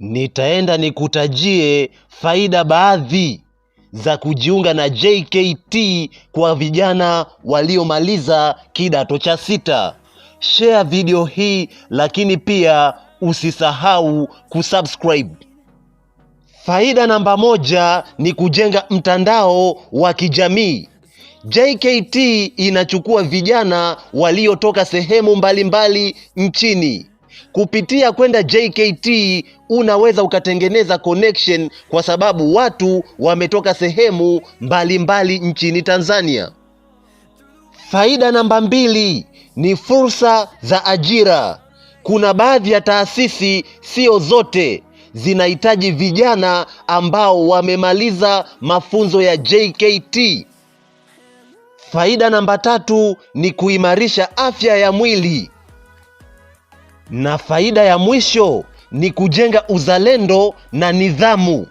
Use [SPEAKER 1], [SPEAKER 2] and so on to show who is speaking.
[SPEAKER 1] nitaenda nikutajie faida baadhi za kujiunga na JKT kwa vijana waliomaliza kidato cha sita. Share video hii, lakini pia usisahau kusubscribe. Faida namba moja ni kujenga mtandao wa kijamii. JKT inachukua vijana waliotoka sehemu mbalimbali mbali nchini Kupitia kwenda JKT unaweza ukatengeneza connection kwa sababu watu wametoka sehemu mbalimbali mbali nchini Tanzania. Faida namba mbili ni fursa za ajira. Kuna baadhi ya taasisi, sio zote, zinahitaji vijana ambao wamemaliza mafunzo ya JKT. Faida namba tatu ni kuimarisha afya ya mwili na faida ya mwisho ni kujenga uzalendo na nidhamu.